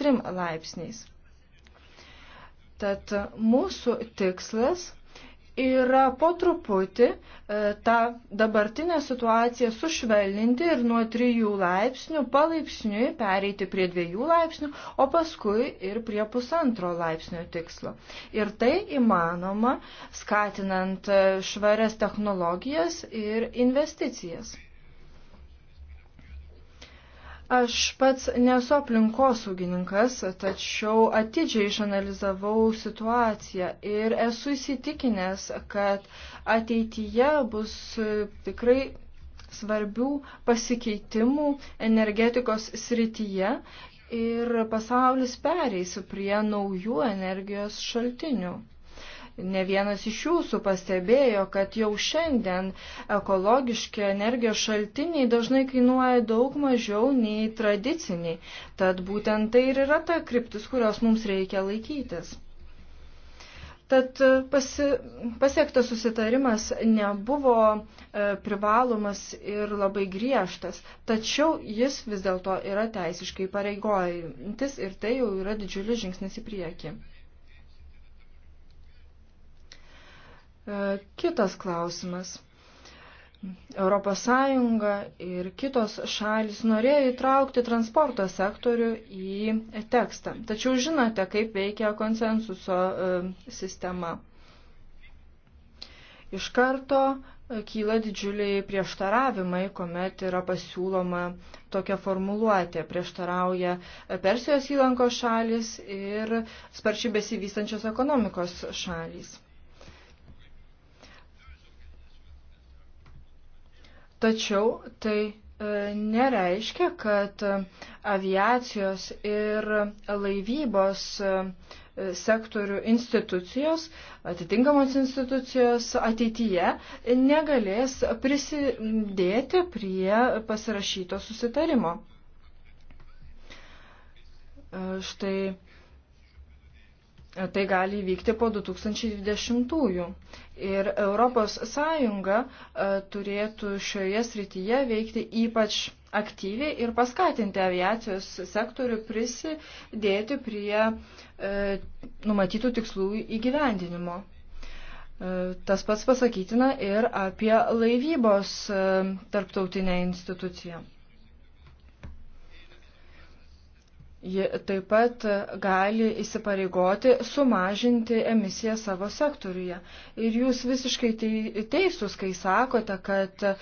Speaker 3: trim laipsniais. Tad mūsų tikslas yra po truputį e, tą dabartinę situaciją sušvelninti ir nuo 3 laipsnių palaipsniui pereiti prie 2 laipsnių, o paskui ir prie pusantro laipsnio tikslo. Ir tai įmanoma skatinant e, švarias technologijas ir investicijas. Aš pats nesu aplinkosaugininkas, tačiau atidžiai išanalizavau situaciją ir esu įsitikinęs, kad ateityje bus tikrai svarbių pasikeitimų energetikos srityje ir pasaulis pereis prie naujų energijos šaltinių. Ne vienas iš jūsų pastebėjo, kad jau šiandien ekologiški energijos šaltiniai dažnai kainuoja daug mažiau nei tradiciniai. Tad būtent tai ir yra ta kryptis, kurios mums reikia laikytis. Tad pasi, pasiektas susitarimas nebuvo e, privalomas ir labai griežtas, tačiau jis vis dėlto yra teisiškai pareigojantis ir tai jau yra didžiulis žingsnis į priekį. E, kitas klausimas. ES ir kitos šalis norėjo įtraukti transporto sektorių į tekstą. Tačiau žinote, kaip veikia konsensuso e, sistema. Iš karto e, kyla didžiuliai prieštaravimai, kuomet yra pasiūloma tokia formuluotė. Prieštarauja Persijos įlanko šalis ir sparčiai besivystančios ekonomikos šalis. Tačiau tai e, nereiškia, kad e, aviacijos ir laivybos e, sektorių institucijos, atitinkamos institucijos ateityje negalės prisidėti prie pasirašyto susitarimo. Štai tai gali įvykti po 2020-ųjų. Ir ES e, turėtų šioje srityje veikti ypač aktyviai ir paskatinti aviacijos sektorių prisidėti prie e, numatytų tikslų įgyvendinimo. E, tas pats pasakytina ir apie laivybos e, tarptautinę instituciją. Ji taip pat gali įsipareigoti sumažinti emisiją savo sektoriuje. Ir jūs visiškai teisūs, kai sakote, kad e,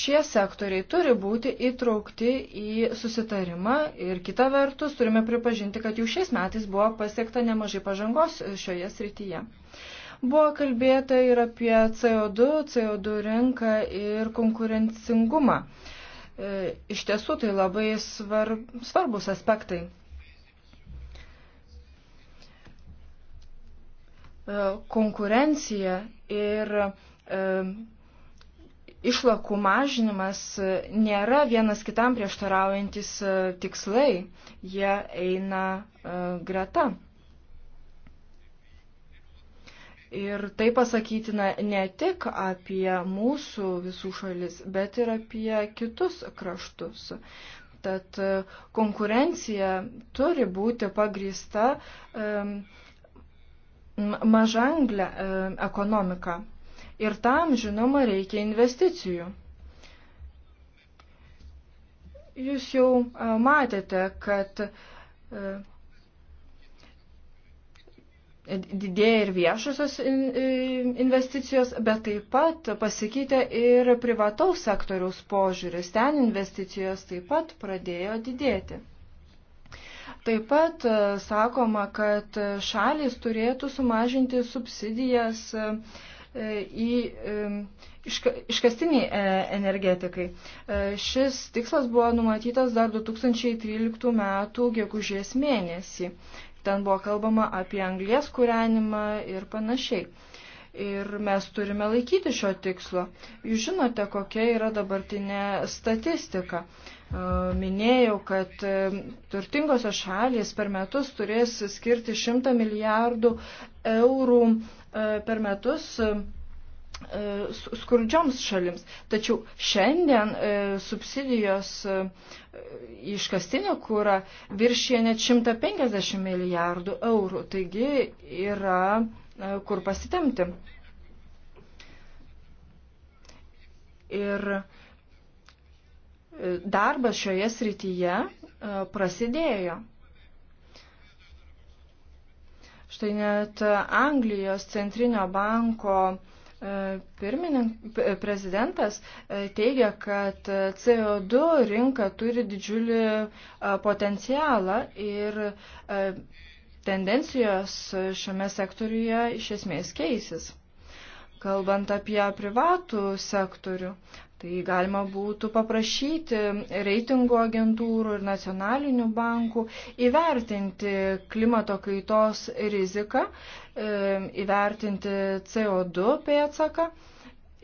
Speaker 3: šie sektoriai turi būti įtraukti į susitarimą ir kita vertus turime pripažinti, kad jau šiais metais buvo pasiekta nemažai pažangos šioje srityje. Buvo kalbėta ir apie CO2, CO2 rinką ir konkurencingumą. E, iš tiesų tai labai svarb, svarbus aspektai. E, konkurencija ir e, išlakų mažinimas nėra vienas kitam prieštaraujantis tikslai, jie eina greta. Ir tai pasakytina ne tik apie mūsų visų šalis, bet ir apie kitus kraštus. Tad e, konkurencija turi būti pagrįsta e, mažanglę e, ekonomiką. Ir tam, žinoma, reikia investicijų. Jūs jau matėte, kad didėja ir viešosios investicijos, bet taip pat pasikeitė ir privataus sektoriaus požiūris. Ten investicijos taip pat pradėjo didėti. Taip pat e, sakoma, kad šalis turėtų sumažinti subsidijas e, į e, iškastiniai energetikai. Šis tikslas buvo numatytas dar 2013 m. gegužės mėnesį. Ten buvo kalbama apie anglės kūrenimą ir panašiai. Ir mes turime laikyti šio tikslo. Jūs žinote, kokia yra dabartinė statistika. E, minėjau, kad e, turtingosios šalys per metus turės skirti 100 milijardų eurų e, per metus E, skurdžioms šalims. Tačiau šiandien e, subsidijos e, iškastinio kūrą viršyje net 150 milijardų eurų. Taigi yra kur pasitemti. Ir darbas šioje srityje prasidėjo. Štai net Anglijos centrinio banko uh, Pirmininkas, prezidentas e, teigia, kad e, CO2 rinka turi didžiulį e, potencialą ir tendencijos šiame sektoriuje iš esmės keisis. Kalbant apie privatų sektorių, tai galima būtų paprašyti reitingų agentūrų ir nacionalinių bankų įvertinti klimato kaitos riziką, e, įvertinti CO2 pėtsaką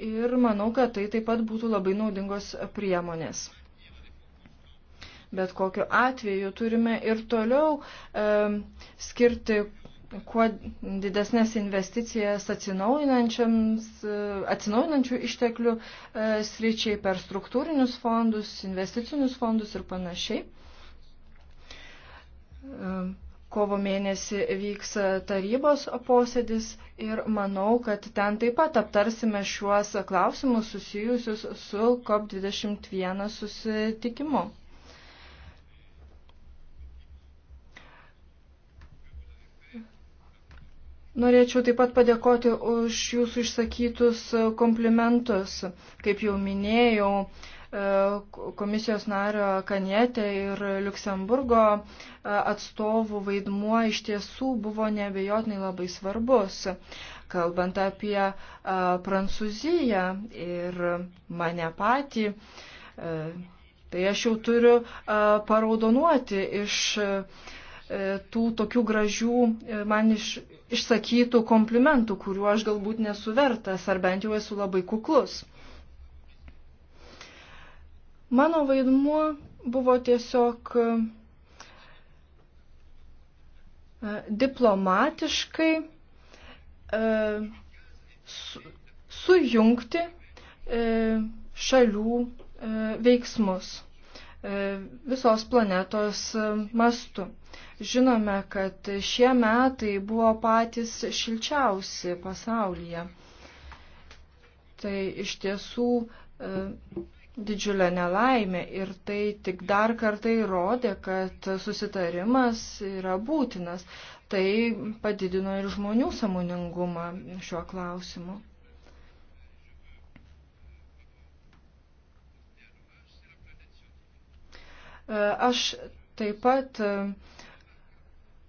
Speaker 3: ir manau, kad tai taip pat būtų labai naudingos priemonės. Bet kokiu atveju turime ir toliau e, skirti kuo didesnės investicijas atsinaujinančių išteklių e, sričiai per struktūrinius fondus, investicinius fondus ir panašiai. E, kovo mėnesį vyks tarybos posėdis ir manau, kad ten taip pat aptarsime šiuos klausimus susijusius su COP21 susitikimu. Norėčiau taip pat padėkoti už jūsų išsakytus komplimentus. Kaip jau minėjau, e, komisijos nario Kanietė ir Luksemburgo e, atstovų vaidmuo iš tiesų buvo nebejotinai labai svarbus. Kalbant apie e, Prancūziją ir mane patį, tai aš jau turiu paraudonuoti iš E, tų tokių gražių e, man iš, išsakytų komplimentų, kuriuo aš galbūt nesu vertas, ar bent jau esu labai kuklus. Mano vaidmuo buvo tiesiog e, diplomatiškai sujungti šalių veiksmus visos planetos mastu. Žinome, kad šie metai buvo patys šilčiausi pasaulyje. Tai iš tiesų e, didžiulė nelaimė ir tai tik dar kartą įrodė, kad susitarimas yra būtinas. Tai padidino ir žmonių samoningumą šiuo klausimu. E, aš taip pat e,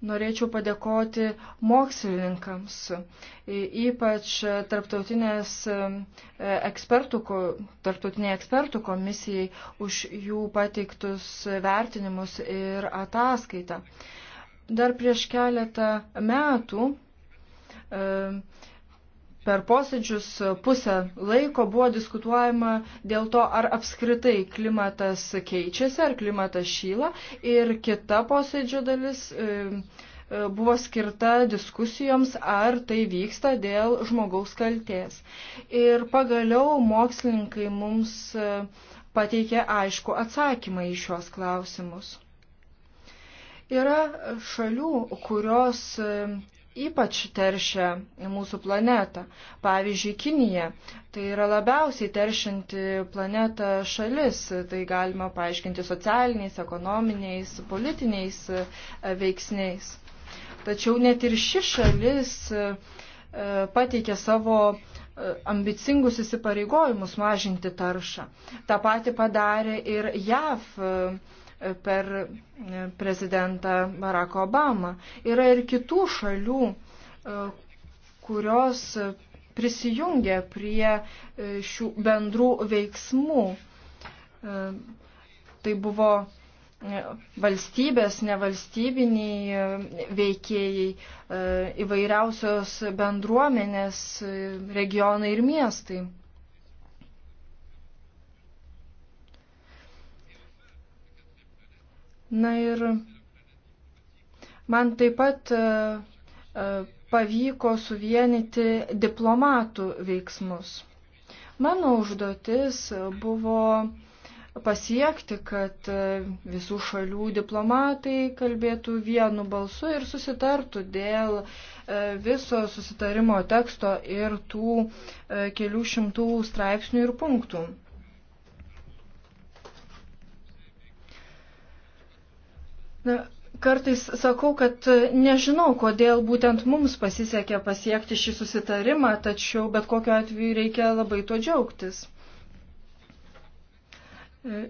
Speaker 3: Norėčiau padėkoti mokslininkams, ypač tarptautinės ekspertų, tarptautiniai ekspertų komisijai už jų pateiktus vertinimus ir ataskaitą. Dar prieš keletą metų e, per posėdžius pusę laiko buvo diskutuojama dėl to, ar apskritai klimatas keičiasi, ar klimatas šyla. Ir kita posėdžio dalis e, e, buvo skirta diskusijoms, ar tai vyksta dėl žmogaus kalties. Ir pagaliau mokslininkai mums e, pateikė aišku atsakymą į šios klausimus. Yra šalių, kurios ypač teršia mūsų planetą. Pavyzdžiui, Kinija. Tai yra labiausiai teršinti planetą šalis. Tai galima paaiškinti socialiniais, ekonominiais, politiniais e, veiksniais. Tačiau net ir ši šalis e, pateikė savo e, ambicingus įsipareigojimus mažinti taršą. Ta pati padarė ir JAV per e, prezidentą Barack Obamą. Yra ir kitų šalių, e, kurios prisijungia prie e, šių bendrų veiksmų. Tai buvo valstybės, nevalstybiniai veikėjai, įvairiausios bendruomenės, regionai ir miestai. Na ir man taip pat e, e, pavyko suvienyti diplomatų veiksmus. Mano užduotis buvo pasiekti, kad e, visų šalių diplomatai kalbėtų vienu balsu ir susitartų dėl viso susitarimo teksto ir tų kelių šimtų straipsnių ir punktų. Na, kartais sakau, kad e, nežinau, kodėl būtent mums pasisekė pasiekti šį susitarimą, tačiau bet kokiu atveju reikia labai tuo džiaugtis. E,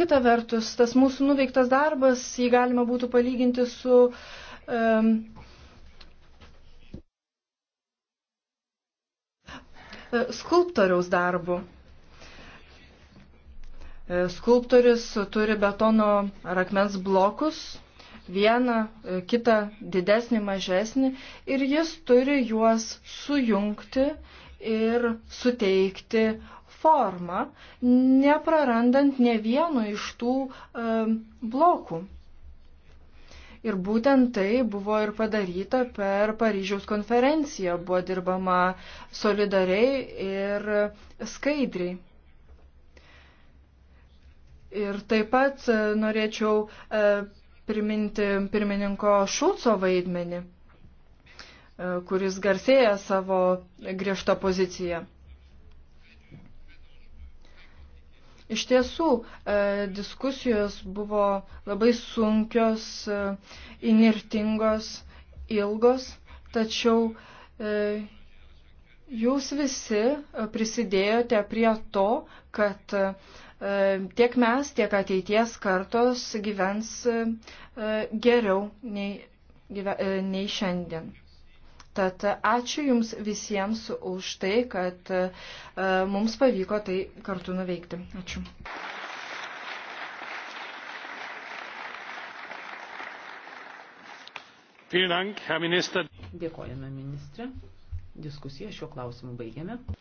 Speaker 3: kita vertus, tas mūsų nuveiktas darbas, jį galima būtų palyginti su. Um, skulptoriaus darbu. E, skulptorius turi betono ar akmens blokus, vieną, e, kitą didesnį, mažesnį, ir jis turi juos sujungti ir suteikti formą, neprarandant ne vieno iš tų e, blokų. Ir būtent tai buvo ir padaryta per Paryžiaus konferenciją, buvo dirbama solidariai ir skaidriai. Ir taip pat e, norėčiau e, priminti pirmininko Šulco vaidmenį, e, kuris garsėja savo griežtą poziciją. Iš tiesų, diskusijos buvo labai sunkios, inirtingos, ilgos, tačiau jūs visi prisidėjote prie to, kad E, tiek mes, tiek ateities kartos gyvens e, geriau nei, e, nei šiandien. Tad ačiū Jums visiems už tai, kad mums pavyko tai kartu nuveikti. Ačiū.
Speaker 1: Dėkojame ministrė. Diskusiją šiuo klausimu baigiame.